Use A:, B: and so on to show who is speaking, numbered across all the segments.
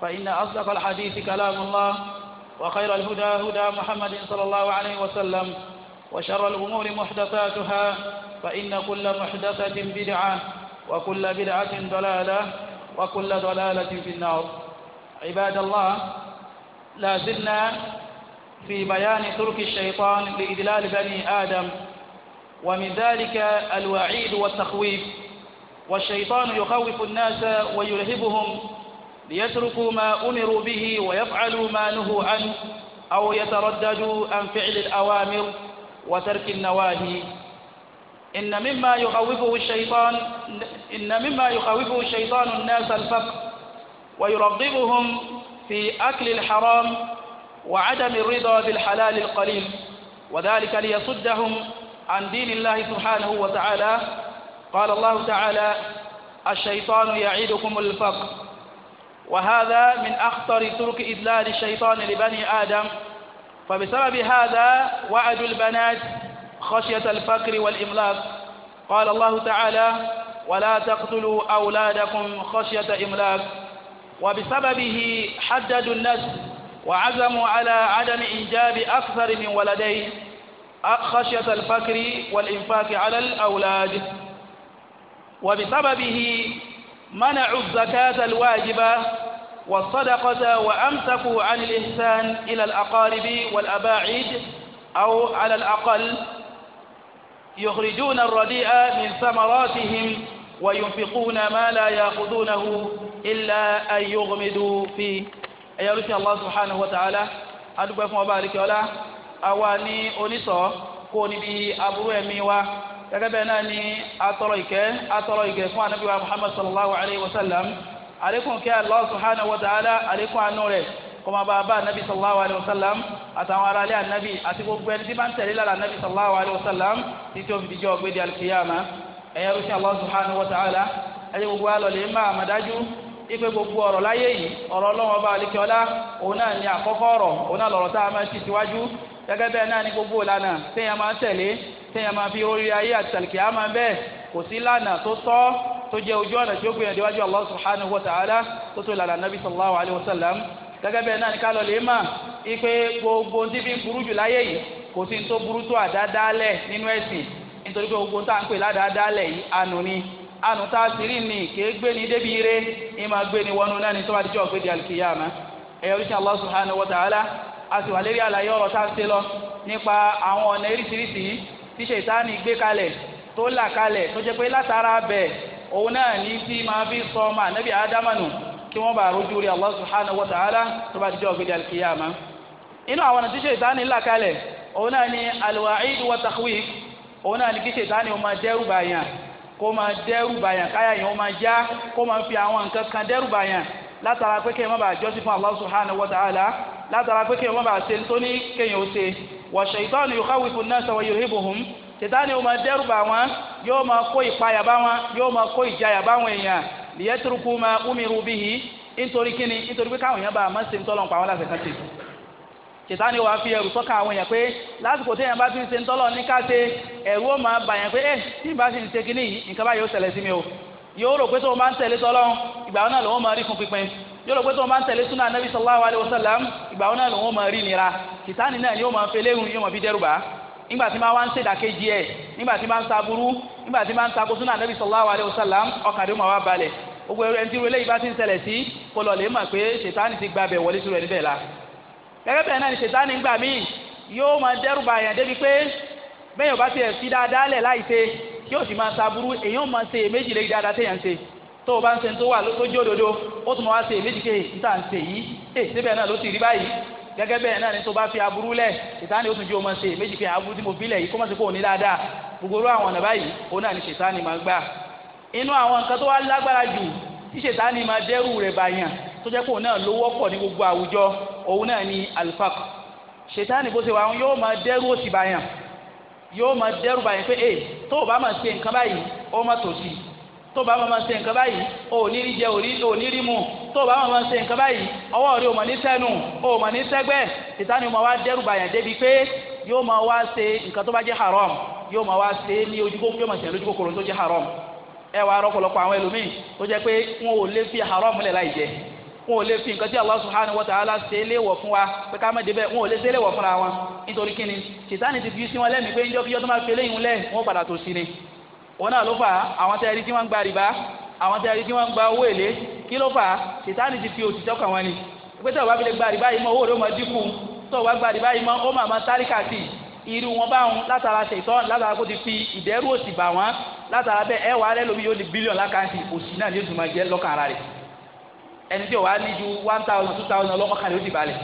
A: فإن أصدق الحديث كلام الله وخير الهدى هدى محمد صلى الله عليه وسلم وشر الأمور محدثاتها فإن كل محدثة بدعة وكل بدعة ضلالة وكل ضلالة في النار عباد الله لا زلنا في بيان ترك الشيطان لإدلال بني آدم ومن ذلك الوعيد والتخويف والشيطان يخوف الناس ويرهبهم ليتركوا ما أمروا به ويفعلوا ما نهوا عنه أو يترددوا عن فعل الأوامر وترك النواهي إن مما يخوفه الشيطان إن مما يخوفه الشيطان الناس الفقر ويرغبهم في أكل الحرام وعدم الرضا بالحلال القليل وذلك ليصدهم عن دين الله سبحانه وتعالى قال الله تعالى الشيطان يعيدكم الفقر وهذا من أخطر طرق إذلال الشيطان لبني آدم فبسبب هذا وعد البنات خشية الفقر والإملاق قال الله تعالى ولا تقتلوا أولادكم خشية إملاق وبسببه حددوا النسل وعزموا على عدم إنجاب أكثر من ولدين خشية الفقر والإنفاق على الأولاد وبسببه منعوا الزكاة الواجبة والصدقة وأمسكوا عن الإحسان إلى الأقارب والأباعد أو على الأقل يخرجون الرديء من ثمراتهم وينفقون ما لا يأخذونه إلا أن يغمدوا فيه أيها olùfẹ́ الله سبحانه وتعالى ta'ala adúgbò بارك ولا أواني ọlá كوني بي oníṣọ́ kó gẹ́gẹ́ bẹ́ẹ̀ náà ni atọrọ ìkẹ́ atọrọ ìkẹ́ fún anabi wa muhammad sallallahu alayhi wa sallam àlékún kẹ́ allah subhanahu wa ta'ala àlékún àánú rẹ̀ kọ́má bá bá anabi sallallahu alayhi wa sallam àtàwọn ará ilé anabi àti gbogbo ẹni tí bá ń tẹ̀lé lára anabi sallallahu alayhi wa sallam títí o fi dijọ́ gbé di alikiyama ẹ̀yẹ rúṣin allah subhanahu wa ta'ala ẹ̀yẹ gbogbo alọ́ lè má àmàdájú ipe gbogbo ọ̀rọ̀ láyé yìí ọ̀rọ̀ ọlọ́run ọba àlekíọ́lá òun náà ni àkọ́kọ́ ọ̀rọ̀ òun náà lọ̀rọ̀ tá a máa ti síwájú gẹ́gẹ́ bẹ́ẹ̀ náà ni gbogbo ìlànà téèyàn máa ń tẹ̀lé téèyàn máa fi orí ayé àti tàlìkìyà máa bẹ́ẹ̀ kò sí lánàá tó tọ́ tó jẹ́ ojú ọ̀nà tí ó gbìyànjú déwájú Allah subhanahu wa ta'ala tó tó lànà nabi sallallahu alayhi wa sallam gẹ́gẹ́ bẹ́ẹ̀ náà ní ká lọ lè mà ipe gbogbo tí fi burú jù láyé yìí kò sí tó burú tó àdáadáalẹ̀ nínú ẹ̀sìn nítorí pé gbogbo tá à ń pè ládàádáalẹ̀ yìí ànú ni ànú tá a sì rí ni kìí gbé ni débi ire ni máa gbé ni wọnú náà ni tó bá dijọ́ gbé di alkiyama ẹ̀yọ́ oríṣi Allah subhanahu wa ta'ala a sì wà lérí àlàyé ọ̀rọ̀ tá a ṣe lọ nípa àwọn ọ̀nà eríṣiríṣi yìí tí ṣètánì gbé kalẹ̀ tó là kalẹ̀ tó jẹ́ pé látara bẹ̀ òun náà ní tí máa fi sọ ọmọ ànábì ádámànù kí wọ́n bá rojú rí Allah subhanahu wa ta'ala tó bá dijọ́ gbẹdẹ alkiyama inú àwọn tí ṣètánì là kalẹ̀ òun náà ní alwa'id wa takhwif òun náà ní kí ṣètánì ó máa dẹ́rù bàyàn kó máa dẹ́rù bàyàn káyà yẹn ó máa já kó máa fi àwọn nǹkan kan dẹ́rù bàyàn látara pé kéèyàn má bàa jọ́sí fún Allah subhanahu wa ta'ala látara pé kéèyàn má bàa ṣe ń kéèyàn ó ṣe wa shaytanu yukhawifu an-nasa wa yurhibuhum tètàní o máa dẹ́rù bà wọn yóò máa kó ìpayà bá wọn yóò máa kó ìjayà bá wọn èèyàn liyatruku ma umiru bihi nítorí kíni nítorí pé káwọn èèyàn bá a máa ṣe ń tọ́lọ̀ ń pa wọn láti kàn sí tètàní wàá fi ẹrù sọ́kàn àwọn èèyàn pé lásìkò téèyàn bá ti ń ṣe ń ní ká ṣe ẹ̀rù ó máa pé ẹ̀ eh, tí ìbá sì ń ṣe yìí nǹkan báyìí ó ṣẹlẹ̀ sí mi o yóò rò pé tó o máa ń tẹ̀lé tọ́lọ́ ìgbà wọn náà lòun máa rí fún pípín yóò rò pé tó wọn bá ń tẹ̀lé súnà anabi sallallahu alayhi wa sallam ìgbà wọn náà lòun máa rí nira kìtàní náà yóò máa ń fele yóò máa fi dẹ́rùbà nígbà tí máa wá ń ṣèdàkejì ẹ̀ nígbà tí máa ń saburú nígbà tí máa ń takò súnà anabi sallallahu alayhi wa sallam ọkàn rẹ̀ máa wá balẹ̀ gbogbo ẹrú ẹni tí wọlé yìí bá ti ń ṣẹlẹ̀ sí kó lọ lè mọ̀ pé ṣètánì ti gba bẹ̀ wọlé sí rẹ̀ níbẹ̀ la gẹ́gẹ́ bẹ́ẹ̀ náà ni ṣètánì ń gbà míì yóò máa dẹ́rùbà yẹn débi pé bẹ́ẹ̀ yóò bá ti ẹ̀ fi dáadáa lẹ̀ láì ṣe yóò sì máa saburú èèyàn máa ṣe èméjì lé dáadáa téèyàn ṣe tó o bá ń ṣe tó wà tó jó dodo ó tún wá ṣe èméjìké níta ń ṣe yìí ẹ síbẹ̀ náà ló ti rí báyìí gẹ́gẹ́ bẹ́ẹ̀ náà ni tó bá fi aburú lẹ̀ ìtaní ó tún jó o máa ṣe èméjìké aburú tí mo fi lẹ̀ yìí kó má ṣe kó o ní dáadáa gbogbo àwọn ọ̀nà báyìí òun náà ni ṣètánì máa gbà inú àwọn nǹkan tó wá lágbára jù tí ṣètánì máa dẹ́rù rẹ̀ bàyàn tó jẹ́ pé òun náà ló wọ́pọ̀ ní gbogbo ni alfaq ṣètánì bó ṣe wà yóò máa dẹ́rù òsì bàyàn yóò máa dẹ́rù bàyàn pé tó bá máa ṣe nǹkan báyìí ò ní rí jẹ ò ní rí mu tó bá máa ṣe nǹkan báyìí ọwọ́ rí o mọ̀ ní sẹ́nu o mọ̀ ní sẹ́gbẹ́ ìtàn ni mo wá dẹ́rù bàyàn débi pé yóò máa wá ṣe nǹkan tó bá jẹ́ haram yóò máa wá ṣe ní ojú kókó yóò máa ṣe lójú kòkòrò tó jẹ́ haram ẹ wàá rọpòlọpọ àwọn ẹlòmíì tó jẹ́ pé wọn ò lè fi haram lẹ̀ láì jẹ wọn ò lè fi nǹkan tí Allah subhanahu wa ta'ala ṣe léèwọ̀ fún wa pé ká má débẹ̀ wọn ò lè ṣe léèwọ̀ fúnra wọn nítorí kíni Sàtánì ti fi sí wọn lẹ́mìí pé ń jọ́ kí yọ́ tó máa fi eléyìí lẹ̀ wọ́n padà tó sí ni òun náà ló fà á àwọn tẹ́ ẹ rí tí wọ́n ń gba rìbá àwọn tẹ́ ẹ rí tí wọ́n ń gba owó èlé kí ló fà á sìtáàni ti fi òtítọ́ kàn wọ́n ni pé tẹ́ ò bá fi lè gba rìbá yìí mọ́ owó rẹ̀ ó máa dínkù tẹ́ ò bá gba rìbá yìí mọ́ ó máa máa tárí kàtì irú wọn bá wọn látara ṣètọ́ látara kó ti fi ìdẹ́rù òsì bà wọ́n látara bẹ́ẹ̀ ẹ wàá rẹ lómi yóò di bílíọ̀n lákàntì òsì náà yóò dùnmọ̀ jẹ́ lọ́kàn ara rẹ̀ ẹni tí o wá ní ju one thousand two thousand lọ́kàn rẹ̀ ó ti balẹ̀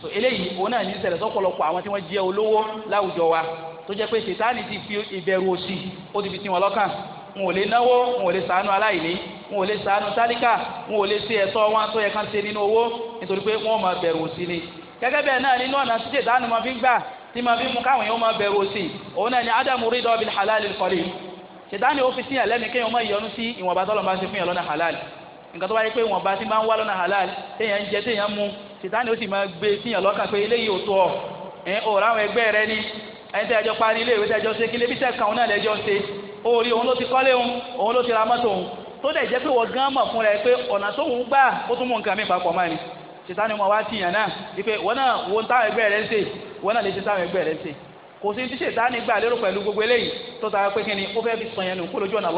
A: so eléyìí òun náà ní ṣẹlẹ̀ sọ́pọ̀lọpọ̀ àwọn tí wọ́n jẹ́ olówó láwùjọ wa tó jẹ́ pé sètáni ti fi ìbẹ̀rù òṣì ó ti fi ti wọn lọ́kàn wọn ò lè náwó wọn ò lè ṣàánú aláìní wọn ò lè ṣàánú tálíkà wọn ò lè ṣe ẹ̀tọ́ wọn tó yẹ ká ṣe nínú owó nítorí pé wọn máa bẹ̀rù òṣì ni gẹ́gẹ́ bẹ́ẹ̀ náà nínú ọ̀nà tí sètáni máa fi gbà tí máa fi mú káwọn èèyàn máa bẹ̀rù òṣì òun náà ni ádámù rí dọ́ọ̀bì halal kọ́lé sètáni ó fi sí ẹ̀lẹ́ni kéèyàn máa yọnu sí ìwọ̀nba tọ́lọ̀ máa ń ṣe fún yàn lọ́nà halal nǹkan tó wáyé pé ìwọ̀nba tí máa ń wá lọ́nà halal téèyàn ń jẹ téèyàn mú ẹni tẹ́ ẹjọ́ parí ilé ìwé tẹ́ ẹjọ́ ṣe kí lébi tẹ́ka òun náà lẹ́jọ́ ṣe orí òun ló ti kọ́lé òun òun ló ti ra mọ́tò òun tó dẹ̀ jẹ́ pé wọ́n gán mọ̀ fúnra ẹ pé ọ̀nà tó ń gbà ó tún mú nǹkan mi papọ̀ máa ni ṣètá ni mo wá tìyàn náà wípé wọn náà wo ń táwọn ẹgbẹ́ rẹ ń ṣe wọn náà lè ṣe táwọn ẹgbẹ́ rẹ ń ṣe kò sí ti ṣètá ni gbà lérò pẹ̀lú gbogbo eléyìí tó ta pé kíni ó fẹ́ fi sàn yẹn nù kó lójú ọ̀nà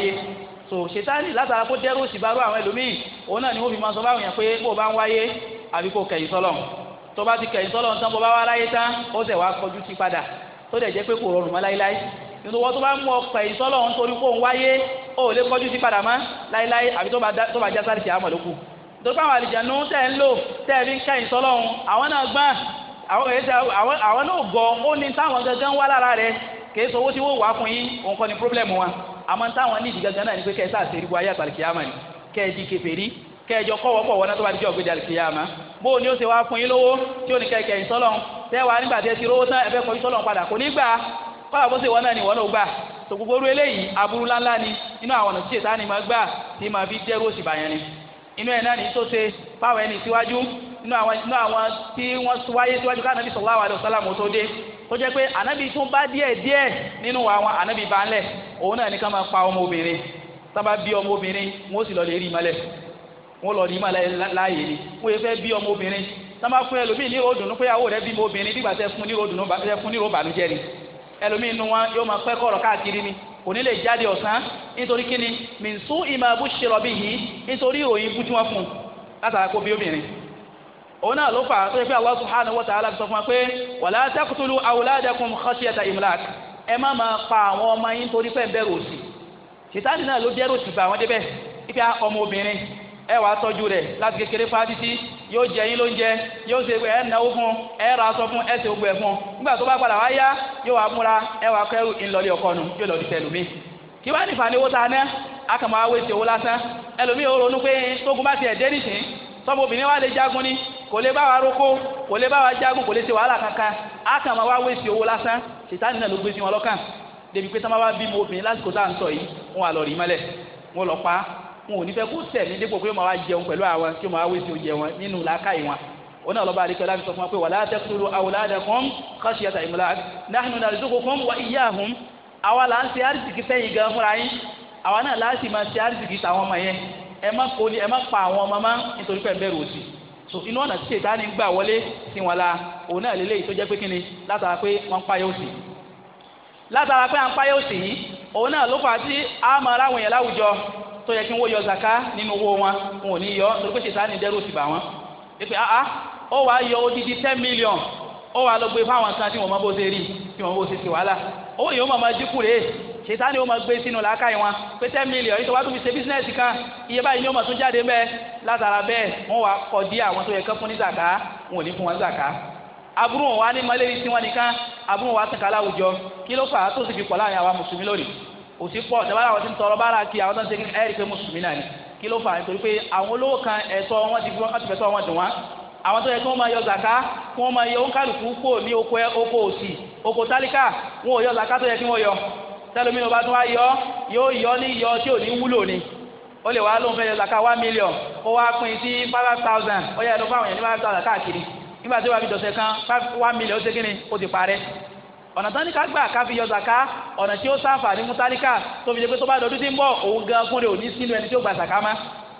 A: Allah so ṣètánì látara kó dẹ́rù ìsìbárò àwọn ẹlòmíì òun náà ni wọ́n fi máa sọ fáwọn èèyàn pé bó bá ń wáyé àbí kò kẹ̀yìn sọ́lọ̀ tó bá ti kẹ̀yìn sọ́lọ̀ tán bó bá wá láyé tán ó ṣẹ̀ wá kọjú sí padà tó dẹ̀ jẹ́ pé kò rọrùn mọ́ láéláé nítorí wọ́n tó bá ń mọ kẹ̀yìn sọ́lọ̀ ń torí kó ń wáyé ó lè kọjú sí padà mọ́ láéláé àbí tó bá já sí àmọ̀ lókù nítorí owó tí wọ́n wà fún yín òun kọ́ ni pírọ́blẹ̀mù wa àmọ́ táwọn nídìí gangan náà ni pé kẹ́ẹ̀ sáà ṣe erigbó ayé àtàlìkìyàmà ni kẹ́ẹ̀ di kèfèrí kẹjọ kọwọ pọ wọnà tó bá di jọ gbẹdẹ àlùkìyàmà bó o ní o ṣe wá fún yín lówó tí o ní kẹkẹ yín sọlọ tẹwàá ti rówó tán ẹ kọjú sọlọ padà kò ní gbà kọlá bó ṣe wọnà ni wọnà ò gbà tó gbogbo orú eléyìí aburú ńláńlá ni inú àwọn ọ̀nà tí ètò àní máa gbà tí máa fi dẹ́rù ni inú ẹ̀ náà ní tó ṣe fáwọn ẹni síwájú inú àwọn tí wọ́n wáyé tó jẹ́ pé ànábì tún bá díẹ̀ díẹ̀ nínú àwọn ànábì bá ńlẹ̀ òun náà ní máa pa ọmọbìnrin tábà bí ọmọbìnrin wọn ó sì lọ lè rí ìmọ̀lẹ̀ wọn lọ rí ìmọ̀lẹ̀ láàyè ni wọn yẹ fẹ́ bí ọmọbìnrin tábà fún ẹlòmíì ní ròdùnú pé àwọ̀ rẹ bímọ obìnrin bí gbàtẹ́ fún nírò bànújẹ́ ni ẹlòmíì nu wọn yóò máa pẹ́ kọ̀rọ̀ káàkiri ni kò ní lè jáde ọ̀sán nítorí kíni mìsú ìmọ̀ abúṣe rọ̀bì yìí nítorí ìròyìn ibú tí wọ́n fún látàrí kó bí obìnrin òun náà ló fà á tó yẹ pé Allah subhanahu wa ta'ala sọ fún wa pé wala taqtulu awladakum khashyata imlak ẹ má máa pa àwọn ọmọ yín torí pé ń bẹ̀rù òṣì sìtáàdì náà ló dẹ́rù òṣì bá àwọn débẹ̀ ibi ah, ọmọ obìnrin ẹ wàá tọ́jú rẹ̀ láti kékeré fáadìsí yóò jẹ yín lóúnjẹ yóò ṣe ẹ náwó fún ẹ ra aṣọ fún ẹ ṣe gbogbo ẹ fún nígbà tó bá padà wá yá yóò wá múra ẹ wàá kẹrù ńlọlẹ ọkọ nu yóò lọ di tẹlumi kí wàá nífà ni owó ta ná akàmọ́ awé ti owó lásán ẹlòmíì ó ronú pé tógun bá tiẹ̀ dé nìsín sọmọ obìnrin wa lè jagun ni kò lè bá wa roko kò lè bá wa jagun kò lè ṣe wàhálà kankan a kàn máa wá wéṣì owó lásán sìtáàni náà ló gbé sí wọn lọ́kàn débi pé sábà bí mo obìnrin lásìkò tá à ń sọ yìí wọn wà lọ rí mọ́lẹ̀ wọn lọ pa wọn ò ní fẹ́ kó tẹ̀ mí dípò pé wọn wá jẹun pẹ̀lú àwọn kí wọn wá wéṣì oúnjẹ wọn nínú làákàyè wọn wọn náà lọ́ba àdìkẹ́ láti sọ fún wa pé wala taqtulu awladakum khashyata imlaq nahnu narzuqukum wa iyyahum àwa là ń ṣe àrísìkì sẹ́yìn gan fúnra yín àwa náà láti máa ṣe àrísìkì tàwọn ọmọ yẹn ẹ má kó ni pa àwọn ọmọ mọ́ nítorí pé ẹ bẹ̀rù òsì so inú ọ̀nà tí ṣètánì ń gbà wọlé sí wọn la òun náà lélẹ́yìí tó jẹ́ pé kíni látara pé wọ́n ń payé òsì látara pé à ń payé òsì yìí òun náà ló fà á sí àmọ́ aráwọ̀ yẹn láwùjọ tó yẹ kí wọ́n yọ zaka nínú owó wọn wọn ò ní yọ torí pé ṣètánì dẹ́rù òsì bà wọ́n pé ah ó wàá yọ odidi ten million ó wàá lọ gbé fáwọn kan tí wọ́n mọ bó ṣe rí tí wọ́n bó ṣe ṣe wàhálà owó yìí ó mọ̀ máa dínkù rèé ṣètánì ó máa gbé sínú làákàyè wọn pé ten million yìí tó wá tún fi ṣe kan iye báyìí ni ó máa tún jáde bẹ́ẹ̀ látara bẹ́ẹ̀ wọ́n wá kọ̀ dí àwọn tó yẹ kán fún ní zàká wọn ò ní fún wọn zàká aburú wọn wá ní mọ́lẹ́rì tí wọ́n nìkan aburú wọn wá tẹ̀ka láwùjọ kí ló fà á tó sì fi pọ̀ láàrin àwa mùsùlùmí lónìí òsì pọ̀ tẹ́wọ́n àwọn tí ń tọrọ kí àwọn tó ń ṣe ẹ́rì pé mùsùlùmí náà ni kí ló fà á nítorí pé àwọn olówó kan ẹ̀tọ́ wọn ti fi wọ́n ti fẹ́tọ́ wọn dùn wọ́n àwọn tó yẹ kí wọ́n máa yọ zàká kí wọ́n máa yọ òǹkàlùkù kúrò ní oko oko òsì oko tálíkà wọn ò yọ zàká tó yẹ kí wọ́n yọ tẹlomi ló bá tún wá yọ yóò yọ ní yọ tí ò ní wúlò ni ó lè wá lóun fẹ́ yọ one million ó wá pín sí five thousand ó yẹ ẹnu fáwọn èèyàn ní five thousand káàkiri nígbà tí wàá fi dọ̀sẹ̀ kan one million ó ṣe kí ni ó ti parẹ́ ọ̀nà tán ní ká gbà ká fi yọ zaka ọ̀nà tí ó sáfà ní mutálíkà tó fi dé pé tó bá dọdún tí ń bọ̀ òun gan fún rẹ̀ ò ní sínú ẹni tí ó gba zaka má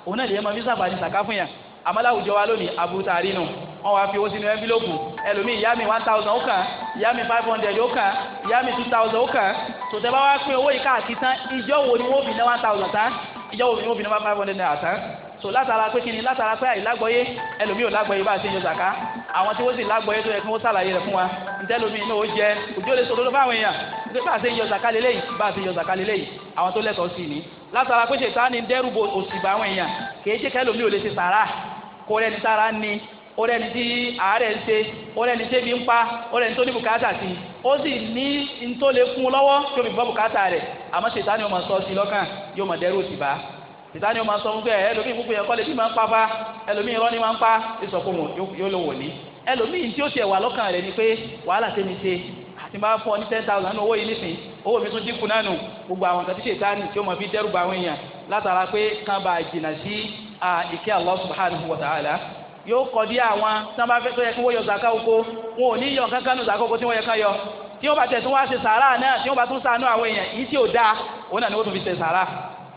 A: òun náà lè yẹ mọ fi sáfà ní zaka fún yàn àmọ́ láwùjọ wa lónìí àbúrò tààrí nù wọ́n wá fi owó sínú ẹ́ńbílóòpù ẹlòmíì ìyá mi one thousand ó kàn ìyá mi five hundred ó kàn ìyá mi two thousand ó kàn tòtẹ́ bá wá pín owó yìí káàkiri tán ìjọ wo ni wọ́n fi ná one thousand tán ìjọ wo ni wọ́n fi ná five hundred naira tán so látara pé kíni látara pé àìlágbọ́yé ẹlòmíì ò lágbọ́yé bá a ṣe ń yọ zàká àwọn tí wọ́n sì lágbọ́yé tó yẹ kí wọ́n sàlàyé rẹ̀ fún wa ǹjẹ́ lómi inú ó jẹ òjò lè sọ̀rọ̀ fáwọn èèyàn pé bá a ṣe ń yọ zàká lélẹ́yìí bá a ṣe ń yọ zàká lélẹ́yìí àwọn tó lẹ́tọ̀ọ́ sí ni látara pé ṣètánì dẹ́rù bo òsì bá àwọn èèyàn kì í ṣe kẹ́lòmíì ò lè ṣe sàrà kó rẹ́ni sára ni ó rẹni tí àárẹ̀ ń ṣe ó rẹni tí ebi ń pa ó rẹni tó ní bùkátà sí ó sì ní ntó lè fún un lọ́wọ́ tó fi bọ́ bùkátà rẹ̀ àmọ́ ṣètánì ó sọ sí lọ́kàn yóò dẹ́rù òsì bá ọmọ sọ wípé ẹlòmíì púpọ̀ yẹn kọ́lé bí máa ń pa fa ẹlòmíì irọ́ ni máa ń pa yóò lò ẹlòmíì tí ó wà lọ́kàn rẹ̀ ni pé wàhálà tẹ́mi ṣe àti máa ní ten thousand owó yìí owó yóò kọ̀dí àwọn tí wọ́n bá fẹ́ tó yẹ kí wọ́n yọ zaka oko wọn ò ní yọ kankan nù zaka oko tí wọ́n yẹ ká yọ tí wọ́n bá tẹ̀ tún wá ṣe sàárà náà tí wọ́n bá tún ṣàánú àwọn èèyàn yìí tí ò dáa òun náà ni wọ́n tún fi ṣe sàárà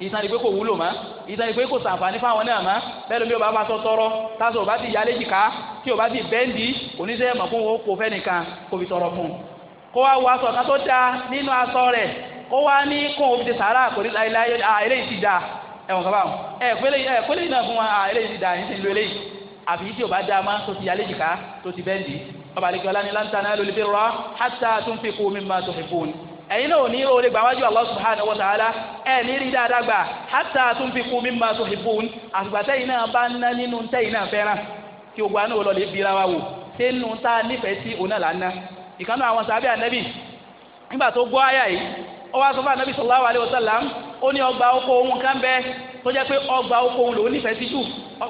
A: ìtàn ìpè kò wúlò mọ́ ìtàn ìpè kò sàǹfààní fáwọn náà mọ́ bẹ́ẹ̀ lómi ò bá bá tọ́ tọrọ táṣọ ò bá ti yálé jìká tí ò bá ti bẹ́ǹdì oníṣẹ́ mọ̀ fún wọn kò fẹ́ nìkan kò fi tọrọ fún un kó àbí tí o bá dá ma tó ti yálé jìká tó ti bẹ́ndì ọba àlejò aláni lantana lórí bí rọ hàtà tó ń fi kú mimma tó fi kún ẹ̀yin náà ní oore gbà wájú Allah subhanahu wa ta'ala ẹ̀ ní rí dáadáa gbà hàtà tó ń fi kú mimma tó fi kún àtùgbàtẹ́yìn náà bá ń ná nínú tẹ́yìn náà fẹ́ràn kí ogun àná olọ́lẹ̀ bira wa wò ṣé nù tá a nífẹ̀ẹ́ sí òun náà là ń ná ìkànnì àwọn sábẹ́ ànábì nígbà tó gbọ́ àyà yìí ó wá sọ fún ànábì sallallahu alaihi tó jẹ́ pé ọgbà oko òun lòún nífẹ̀ẹ́ sí jù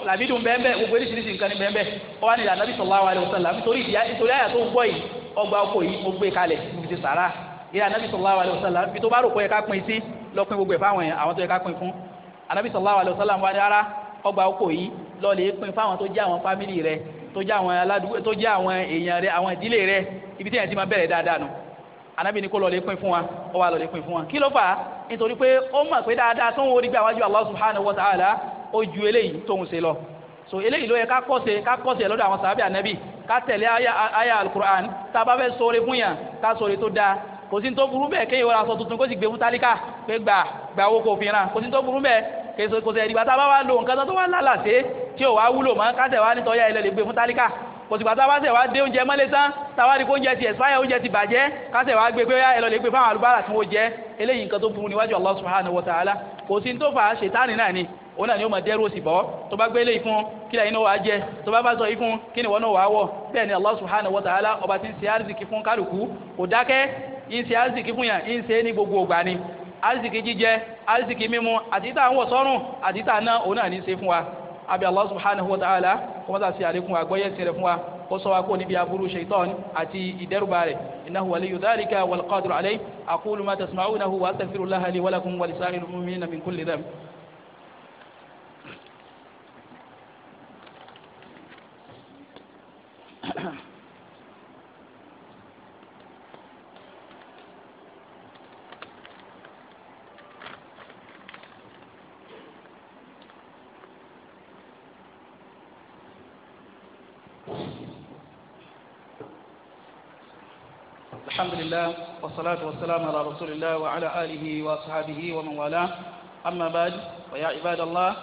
A: làbídùn bẹ́ẹ̀ gbogbo oríṣiríṣi nǹkan ní bẹ́ẹ̀ ó wá ní ìlànà bí sallallahu alaihi wasallam nítorí ìyá nítorí àyà tó ń gbọ́ yìí ọgbà oko yìí mo gbé kalẹ̀ mo fi sàrà ìyá anabi sallallahu alaihi wasallam bí tó bá rò pé ká pin sí lọ pin gbogbo ẹ̀ fáwọn yẹn àwọn tó yẹ ká pin fún anabi sallallahu alaihi wasallam wá ní ara ọgbà oko yìí lọ lè nítorí pé ó mọ̀ pé dáadáa tó ń wo dígbà wájú Allah subhanahu wa ta'ala eléyìí tó ń ṣe lọ so eléyìí ló yẹ ká kọ́ṣe ká kọ́ṣe lọ́dọ̀ àwọn sàábì ànábì ká tẹ̀lé aya alukur'an tá a bá fẹ́ sọ̀rọ̀ fún yàn ká sọ̀rọ̀ tó dáa kò sí tó burú bẹ́ẹ̀ kéèyàn wọra aṣọ tuntun kó sì gbé fún tálíkà pé gbà gbà owó kò gbé fún tálíkà kò sì pàtàkì wáṣẹ̀ wá dé oúnjẹ mọ́lé tán táwa rí kó oúnjẹ ti ẹ̀sìpáyà oúnjẹ ti bàjẹ́ kásẹ̀ wá gbé pé ó yá ẹ lọ lè gbé fáwọn alùbárà tí wọ́n jẹ eléyìí nǹkan tó burú níwájú Allah subhanahu wa ta'ala kò sí tó fà á ṣètánì náà ni òun náà ni ó máa dẹ́rù òsì bọ́ tó bá gbélé ìfún kí lẹ́yìn náà wàá jẹ tó bá bá sọ ìfún kí ni wọ́n náà wàá wọ̀ bẹ́ẹ̀ ni Allah subhanahu wa ta'ala ọba tí ń ṣe é ní gbogbo ògbà ni àrísìkì jíjẹ àrísìkì mímu àti tá à ń wọ̀ sọ́rùn àti tá à ń ná òun náà ní í ṣe fún wa àbí Allah subhanahu wa ta'ala kó za sí àlékún àgbọ́yé ẹ̀sìn rẹ̀ fún wa kó sọ wa kó bi aburú shaitan àti ìdẹ́rùbà rẹ̀ innahu waliyu dhalika wal qadiru alayhi aqulu ma tasma'unahu wa astaghfirullaha li wa lakum wa lisa'iril mu'minina min kulli dhanb الحمد لله والصلاة والسلام على رسول الله وعلى آله وأصحابه ومن والاه أما بعد ويا عباد الله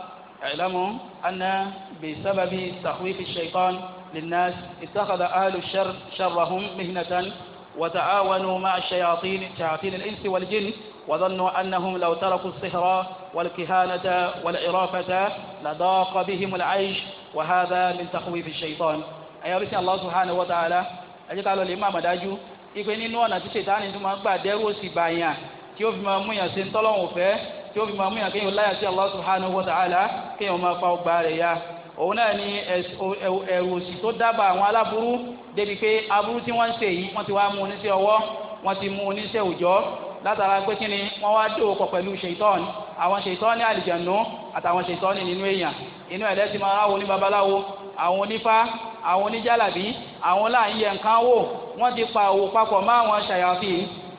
A: اعلموا أن بسبب تخويف الشيطان للناس اتخذ أهل الشر شرهم مهنة وتعاونوا مع الشياطين شياطين الإنس والجن وظنوا أنهم لو تركوا السحر والكهانة والعرافة لضاق بهم العيش وهذا من تخويف الشيطان أيها الله سبحانه وتعالى أجد على الإمام داجو ipe nínú ọ̀nà tí sètáni tó máa ń gbà dẹ́rù òsì bàyàn tí ó fi máa mú yàn sí ntọ́lọ́wọ̀n fẹ́ tí ó fi máa mú yàn kéèyàn láyà sí Allah subhanahu wa ta'ala kéèyàn máa fa ọgbà rẹ̀ ya òun náà ni ẹ̀rù òsì tó dábàá àwọn aláburú débi pé aburú tí wọ́n ń ṣe yìí wọ́n ti wá mú oníṣẹ́ ọwọ́ wọ́n ti mú oníṣẹ́ òòjọ́ látara pé kí ni wọ́n wá dé òkò pẹ̀lú ṣèitán àwọn ṣèitán ní àlìjànú àtàwọn ṣèitán nínú èèyàn inú ẹ̀dẹ́ ti máa ráwo ní babaláwo àwọn onífá àwọn oníjàlábí àwọn láà ń yẹ nǹkan wò wọ́n ti pa òwò papọ̀ mọ́ àwọn ṣàyàfi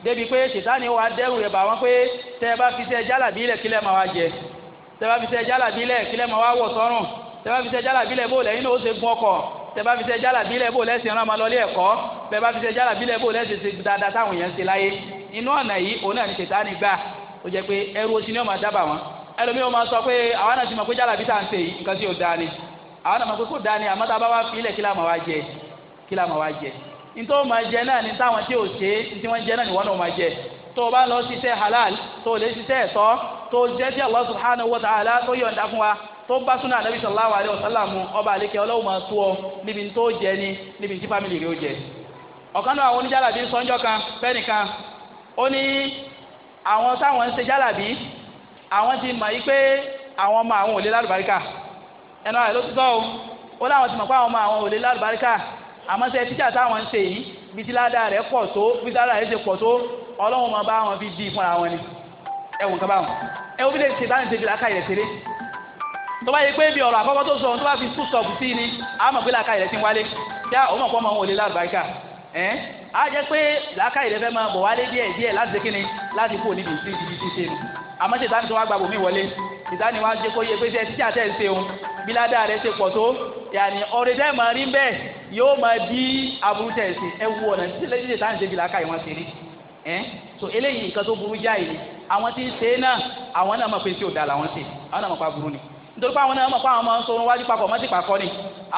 A: débi pé ṣètánì wa dẹ́rù rẹ̀ bà wọ́n pé tẹ́ ẹ bá fi tẹ́ jàlábí lẹ̀ kílẹ̀ máa wá jẹ tẹ́ ẹ bá fi tẹ́ jàlábí lẹ̀ kílẹ̀ máa wá wọ̀ sọ́rùn tẹ́ ẹ bá fi tẹ́ jàlábí lẹ̀ bó lẹ́yìn náà ó ṣe gun ọkọ̀ tẹ́bá fi ṣe jálàbí lẹ́bò lẹ́sìn ọ̀nà ọmọlọ́lé ẹ̀kọ́ tẹ́bá fi ṣe jálàbí lẹ́bò lẹ́sìn ṣe dáadáa táwọn èèyàn ń ṣe láyé inú ọ̀nà yìí òun náà ní ṣètánì gbà ó jẹ́ pé ẹrú oṣù ni ó máa dábàá wọn ẹlòmíràn máa sọ pé àwọn náà ti mọ̀ pé jálàbí tá à ń ṣe yìí nǹkan tí ò dáa ni àwọn àmọ̀ pé kò dání àmọ́ tá a bá wá fi ilẹ̀ kí la máa wá jẹ kí la wá jẹ nítorí wọn máa jẹ náà ní táwọn tí ò ṣe é tí wọ́n jẹ náà ni wọ́n náà máa jẹ tó o bá lọ ṣiṣẹ́ halal tó o lè ṣiṣẹ́ ẹ̀tọ́ tó o jẹ́ sí Allah subhanahu wa ta'ala tó yọ̀ǹda fún wa tó bá súnà ànábì sallallahu alaihi wasallam ọba àlékè ọlọ́wọ́ máa tó ọ níbi tó jẹ ni níbi tí fámìlì rẹ ó jẹ ọ̀kan náà àwọn oníjàlàbí sọ́njọ́ kan fẹ́nìkan ó ní àwọn táwọn ń ṣe jàlàbí àwọn ti mọ̀ yí pé àwọn ọmọ àwọn ò ẹnu ààrẹ ló ti sọ o ó láwọn ti mọ̀ pé àwọn ọmọ àwọn òlé lálùbáríkà àmọ́ sẹ́ tíjà táwọn ń ṣe yìí bí ti ládàá rẹ̀ pọ̀ tó bí ládàá rẹ̀ ṣe pọ̀ tó ọlọ́run máa bá wọn fi di fúnra wọn ni ẹ̀wọ̀n kan báwọn ẹ̀wọ̀n bíi ṣe báyìí ṣe fi làákà ìrẹ̀ ṣeré tó bá yẹ pé bí ọ̀rọ̀ àkọ́kọ́ tó sọ tó bá fi fún sọ̀bù sí ni a mọ̀ pé làákà ìrẹ̀ ti ń wálé yá òun ọ̀pọ̀ máa ń wọlé lálùbáríkà ẹ̀ á jẹ́ pé làákà ìrẹ̀ fẹ́ máa bọ̀ wálé díẹ̀ díẹ̀ láti ṣe kíni láti kú òní bìí sí ibi tí ṣe nu àmọ́ ṣètánì tó wá gbàgbọ́ mi wọlé ìtánì wá jẹ́ kó yẹ pé ṣe tíjà tẹ́ ń ṣe òun bí ládàá rẹ̀ ṣe pọ̀ tó yàní ọ̀rẹ́ dẹ́ máa rí bẹ́ẹ̀ yóò máa bí aburú tẹ̀ sí ẹ wú ọ̀nà tí lẹ́yìn tá à ń ṣe ṣe rí ẹ́ so eléyìí nǹkan tó burú jáì ni àwọn tí ń ṣe é náà àwọn náà mọ̀ pé tí ò da làwọn ṣe àwọn náà mọ̀ pa burú ni nítorí pé àwọn náà mọ̀ pé àwọn máa ń sọ̀rọ̀ wájú papọ̀ mọ́tì ni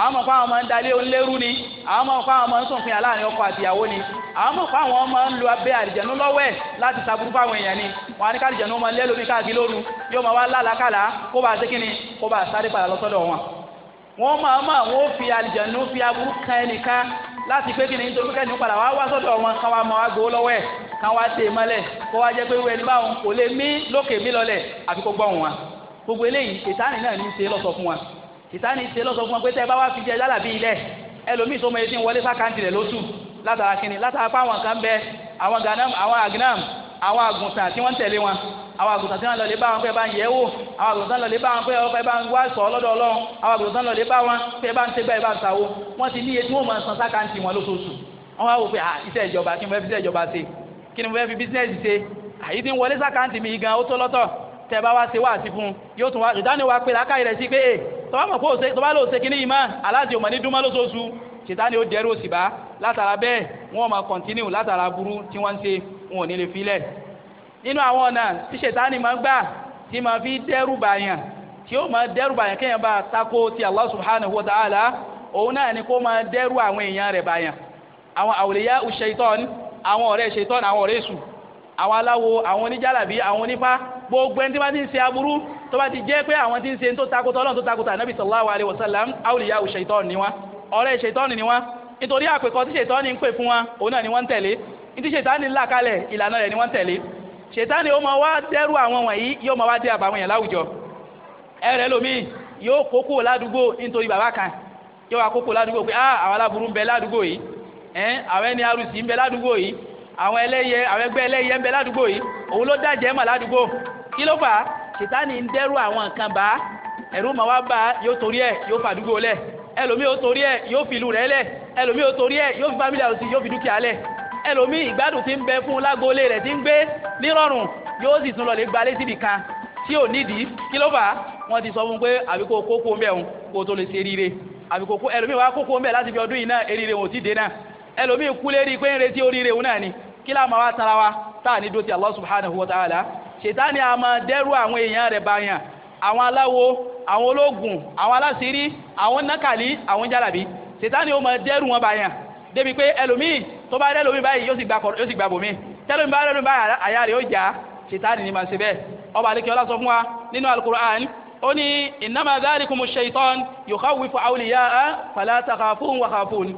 A: àwọn mọ̀ pé àwọn máa ń dalé onlérú ni àwọn mọ̀ pé àwọn máa ń sọ̀fin àwọn mọ̀ fáwọn ọmọ ń lo abẹ́ àlìjẹ̀nú lọ́wọ́ ẹ̀ láti sàbúrú fáwọn èèyàn ni wọn á ní kálìjẹ̀nú ọmọ ilé lómi káàkiri lóru yóò máa wá lálàkàlà kó bá ṣe kíni kó bá sáré padà lọ sọ́dọ̀ wọn. wọ́n máa mọ̀ wọ́n fi àlìjẹ̀nú fi aburú kan ẹnìkan láti pé kíni nítorí kẹ́ni padà wá wá sọ́dọ̀ wọn káwá máa wá gbowó lọ́wọ́ ẹ̀ káwá tè mọ́lẹ̀ kó wá jẹ́ pé wa ìtánì ṣe lọ́sọ̀ fún wa pé tẹ́ ẹ bá ẹlòmíì tó mọ etí wọlé fákàntì rẹ̀ lóṣù látara kínní látara pa àwọn kan bẹ àwọn ganam àwọn agnam àwọn àgùntàn tí wọ́n tẹ̀lé wọn àwọn àgùntàn tí wọ́n lọ lè bá wọn pé bá ń yẹ̀ wò àwọn àgùntàn lọ lè bá wọn pé ọ̀pẹ bá ń wá sọ lọ́dọ̀ ọlọ́run àwọn àgùntàn lọ lè bá wọn pé bá ń tẹgbẹ́ ìbá ń sàwó wọ́n ti ní iye tí wọ́n máa san sákàǹtì wọn lóṣooṣù wọ́n wá wò pé iṣẹ́ ìjọba kí ni mo fẹ́ fi iṣẹ́ ìjọba ṣe kí ni fẹ́ fi bísíǹsì ṣe àyí ti ń wọlé sákàǹtì mi gan ó tó lọ́tọ̀ tẹ bá wá ṣe wá sí fún yóò tún wá ìdánilwà pé lákàyè rẹ̀ sí pé tọ́wọ́ ṣètánì ó dẹrù òsì bá látara bẹ́ẹ̀ wọ́n máa kọ̀ntínú látara burú tí wọ́n ń ṣe wọn ò ní lè filẹ̀ nínú àwọn ọ̀nà tí ṣètánì ma ń gbà tí máa fi dẹ́rù bàyàn tí ó máa dẹ́rù bàyàn kéèyàn bá tako ti Allah subhanahu wa ta'ala òun náà ni kó máa dẹ́rù àwọn èèyàn rẹ̀ bàyàn àwọn àwòlẹ́yà ṣètọ́n àwọn ọ̀rẹ́ ṣètọ́n àwọn ọ̀rẹ́ èṣù àwọn aláwo àwọn oníjàlàbí àwọn onífá gbogbo ẹni tí wọ́n ti ń ṣe aburú tó bá ti jẹ́ pé àwọn tí ń ṣe tó takotọ́ ọlọ́run tó takotọ́ ànábì sallallahu alaihi wasallam àwòlẹ́yà ṣètọ́n ni wọ́n ọ̀rẹ́ ṣètọ́nì ni wọ́n nítorí àpèkọ tí ṣètọ́nì ń pè fún wọn òun náà ni wọ́n ń tẹ̀lé ní tí ṣètánì là kalẹ̀ ìlànà rẹ̀ ni wọ́n ń tẹ̀lé ṣètánì ó máa wá dẹ́rù àwọn wọ̀nyí yóò máa wá dé àbàwọn èèyàn láwùjọ ẹ̀rẹ́ lomi yóò kókó ládùúgbò nítorí bàbá kan yóò wá kókó ládùúgbò pé ah àwọn aláburú ń bẹ ládùúgbò yìí ẹn àwọn ẹni arùsì ń bẹ ládùúgbò yìí àwọn ẹlẹ́yẹ àwọn ẹgbẹ́ ẹlẹ́yẹ ń bẹ ládùúgbò yìí òun ló dájẹ́ mà ládùúgbò kí ló fà á ṣètánì ń dẹ́rù àwọn nǹkan bá ẹ̀rù máa wá bá yóò torí ẹ̀ yóò fàdúgbò lẹ̀ ẹlòmíì ó torí ẹ̀ yóò fi ìlú rẹ̀ lẹ̀ ẹlòmíì ó torí ẹ̀ yóò fi fámìlì àrùn sí yóò fi dúkìá lẹ̀ ẹlòmíì ìgbádùn ti ń bẹ fún lágboolé rẹ̀ ti ń gbé nírọ̀rùn yóò sì tún lọ lè gbalé síbi kan tí ò nídìí kí ló fà á wọ́n ti sọ fún pé àbí kó kókó ń bẹ̀ òun kó tó lè ṣe rire àbí kó ẹlòmíì wá kókó ń bẹ̀ láti fi ọdún yìí náà eré wọn ò tí ì dé náà ẹlòmíì kú lérí pé ń retí oríire òun náà ni kí láàmú àwa tara wa táà ní dó ti Allah subhanahu wa ta'ala ṣètá ni a máa dẹ́rù àwọn èèyàn rẹ̀ báyàn àwọn aláwo àwọn ológun àwọn aláṣírí àwọn nákàlí àwọn jálàbí sètánì ó máa dẹ́rù wọn báyà débi pé ẹlòmíì tó bá rẹ́lòmíì báyìí yóò sì gbà yóò sì gbà bòmí tẹ́lómi bá rẹ́lòmíì báyìí àyà rẹ̀ ó jà sètánì ni màá ṣe bẹ́ẹ̀ ọba àlekẹ́ ọlá sọ fún wa nínú alukur'an ó ní innama dhalikumu shaytan yukhawwifu awliya'a fala takhafun wa khafun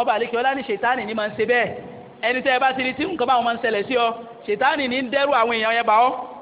A: ọba àlekẹ́ ọlá ni màá ṣe bẹ́ẹ̀ ẹni tẹ́ ẹ bá ti rí tí nǹkan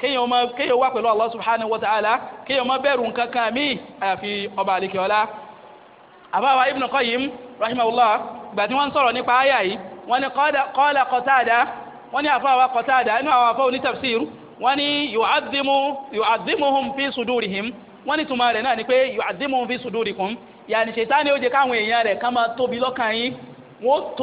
A: kéèyàn máa kéèyàn wá pẹ̀lú Allah subhanahu wa ta'ala kéèyàn máa bẹ̀rù nǹkan kan mí àfi ọba àlekè ọlá. àbáwa Ibn Qayyim rahimahullah gbàtí wọ́n ń sọ̀rọ̀ nípa àyà yìí wọ́n ní qala Qatada wọ́n ní àfáwa Qatada inú àwọn afọ onítafsir wọ́n ní yu'azzimu yu'azzimuhum fi sudurihim wọ́n ní tuma rẹ̀ náà ni pé yu'azzimuhum fi sudurikum yàní ṣètánì ó jẹ́ káwọn èèyàn rẹ̀ ká máa yóò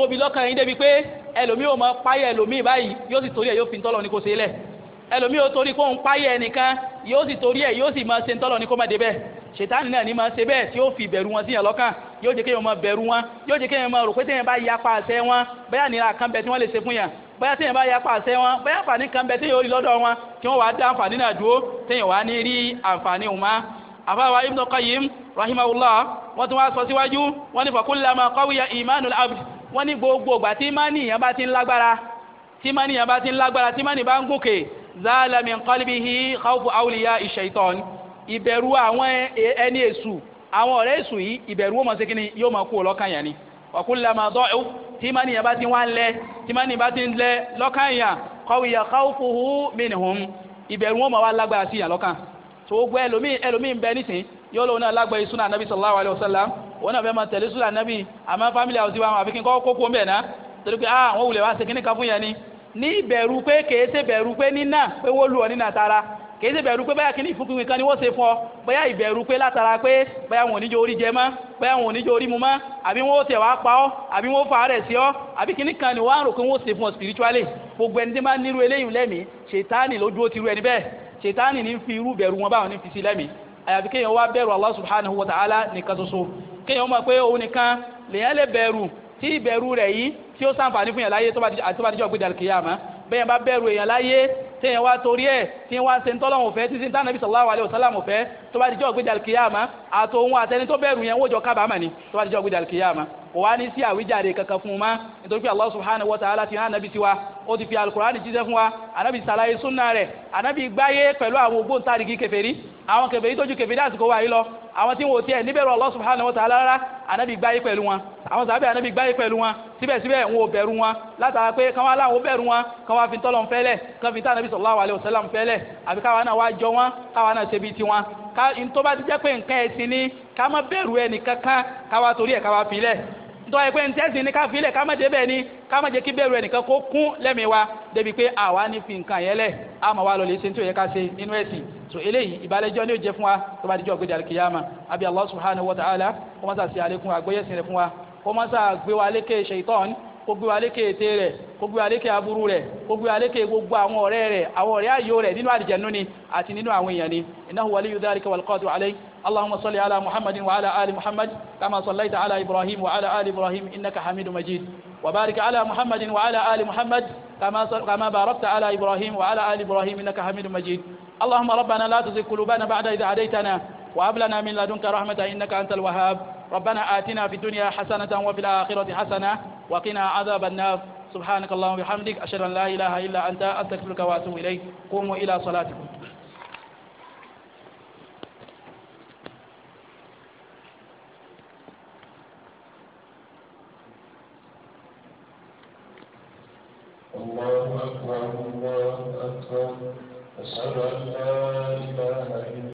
A: sì ẹlòmíì ó torí kó ń páyà ẹnìkan yóò sì torí ẹ̀ yóò sì máa ṣe ń tọ́lọ̀ ní kó má dé bẹ́ẹ̀ ṣètánì náà ní máa ṣe bẹ́ẹ̀ tí ó fi bẹ̀rù wọn síyàn lọ́kàn yóò jẹ́ kéèyàn máa bẹ̀rù wọn yóò jẹ́ kéèyàn máa rò pé téèyàn bá yapa àṣẹ wọn bóyá nira kan bẹ tí wọ́n lè ṣe fún yàn bóyá téèyàn bá yapa àṣẹ wọn bóyá àǹfààní kan bẹ téèyàn ó rí lọ́dọ̀ wọn kí wọ́n wá dá àǹfààní náà dúró téèyàn wá ní rí àǹfààní wọn má. àfáwa Ibn Qayyim rahimahullah tún wá sọ síwájú wọ́n ní fakullama imani yẹn bá ti ń lágbára tí imani yẹn bá ti ń lágbára tí zaala min qalbihi khawfu awliya ishaitan ìbẹ̀rù àwọn ẹni èṣù àwọn ọ̀rẹ́ èṣù yìí ìbẹ̀rù wọn ṣe kíni yóò máa kú ọlọ́kàn yẹn ni wakulama dọ́ọ̀ tí mani yẹn bá ti wá ń lẹ tí mani bá ti ń lẹ lọ́kàn yẹn qawiya khawfuhu minhum ìbẹ̀rù wọn máa wá lágbára sí yẹn lọ́kàn tó gbọ́ ẹlòmíì ẹlòmíì ń bẹ nísìn yóò lóun náà lágbára sunna anabi sallallahu alayhi wa sallam òun náà fẹ́ máa tẹ̀lé sunna anabi àmọ́ family house wa àfikún kọ́ kókó mbẹ̀ náà torí pé ah wọ́n wulẹ̀ wá ṣe kíní kan fún yẹn ni ní ìbẹ̀rù pé kèé ṣe bẹ̀rù pé nínà pé wọ́n lù ọ nínà tara kèé bẹ̀rù pé báyà kí ní ìfúnpinpin kan ni wọ́n ṣe fún ọ bóyá ìbẹ̀rù pé látara pé bóyá wọn ò ní jẹ orí jẹ mọ́ bóyá wọn ò ní jẹ orí mu mọ́ àbí wọn ó tẹ̀ wá pa ọ́ àbí wọn ó fa rẹ̀ sí ọ́ àbí kí ní kan ni wọ́n á rò pé wọ́n ó ṣe fún ọ spiritually gbogbo ẹni tí máa nírú eléyìí lẹ́mìí ṣètáànì ló dúró tirú ẹni bẹ́ẹ̀ ṣètáànì ní fi irú Allah subhanahu wa ta'ala nìkan ṣoṣo kéèyàn mọ̀ pé òun nìkan lèèyàn lè bẹ̀rù tí tí ó sàǹfààní fún yàn láyé tó bá dijọ́ gbé dàlùkìyàmá eh? bẹ́ẹ̀ bá bẹ̀rù èèyàn láyé téèyàn wá torí ẹ̀ tí wọ́n ṣe ń tọ́lọ́wọ̀n òfẹ́ títí tá nàbí sallallahu alaihi wasallam òfẹ́ tó bá dijọ́ gbéjà kìyàmá àtòun àtẹni tó bẹ̀rù yẹn wọ́jọ́ kábàámà ni tó bá dijọ́ gbéjà kìyàmá kò wá ní sí àwíjàre kankan fún un nítorí pé Allah subhanahu wa ta'ala ti hàn nàbí tiwa ó ti fi alukur'ani jíṣẹ́ fún wa ànábì sàlàyé súnà rẹ̀ ànábì gbáyé pẹ̀lú àwọn ògbóǹtarìgì kèfèrí àwọn kèfèrí tójú kèfèrí àsìkò wa yìí lọ àwọn tí wọn ò tiẹ̀ níbẹ̀rù Allah subhanahu wa ta'ala rárá ànábì gbáyé pẹ̀lú wọn àwọn sàbẹ̀ ànábì gbáyé pẹ̀lú wọn síbẹ̀síbẹ̀ wọn ò bẹ̀rù wọn látara pé káwọn aláwọ̀ bẹ̀rù wọn káwọn afi tọ́lọ̀ fẹ́lẹ̀ káwọn fi tá ànábì sallallahu alaihi wasallam fẹ́lẹ̀ àfi káwọn náà wá jọ wọn káwọn náà ṣe tiwọn ká ntọ́ ti jẹ́ pé nǹkan ẹ̀sìn ni ká má bẹ̀rù ẹnì kankan káwa torí ẹ̀ káwa filẹ̀ ntọ́ ẹ pé ntẹ́sìn ni ká filẹ̀ ká má débẹ̀ ni ká má jẹ́ kí bẹ̀rù ẹnì kan kó kún lẹ́mìí wa so eléyìí ìbálẹ́jọ́ ni ó jẹ́ fún wa tó bá dijọ́ gbé dàrí kìyàmà àbí Allah subhanahu wa ta'ala wọ́n sà sí àlékún àgbóyẹ̀sìn rẹ̀ fún wa kó má sà gbé wa lékè ṣèitán kó gbé wa lékè ète rẹ̀ kó gbé wa lékè aburú rẹ̀ kó gbé wa lékè gbogbo àwọn ọ̀rẹ́ rẹ̀ àwọn ọ̀rẹ́ ayò rẹ̀ nínú àlìjẹ̀nu ni àti nínú àwọn èèyàn ni innahu waliyyu dhalika wal qadiru alayhi اللهم صل على محمد وعلى آل محمد كما صليت على إبراهيم وعلى آل إبراهيم إنك حميد مجيد وبارك على محمد وعلى آل محمد كما كما باركت على إبراهيم وعلى آل إبراهيم إنك حميد مجيد اللهم ربنا لا تزغ قلوبنا بعد إذ هديتنا وهب لنا من لدنك رحمة إنك أنت الوهاب ربنا آتنا في الدنيا حسنة وفي الآخرة حسنة وقنا عذاب النار سبحانك اللهم وبحمدك أشهد أن لا إله إلا أنت أستغفرك وأتوب إليك قوموا إلى صلاتكم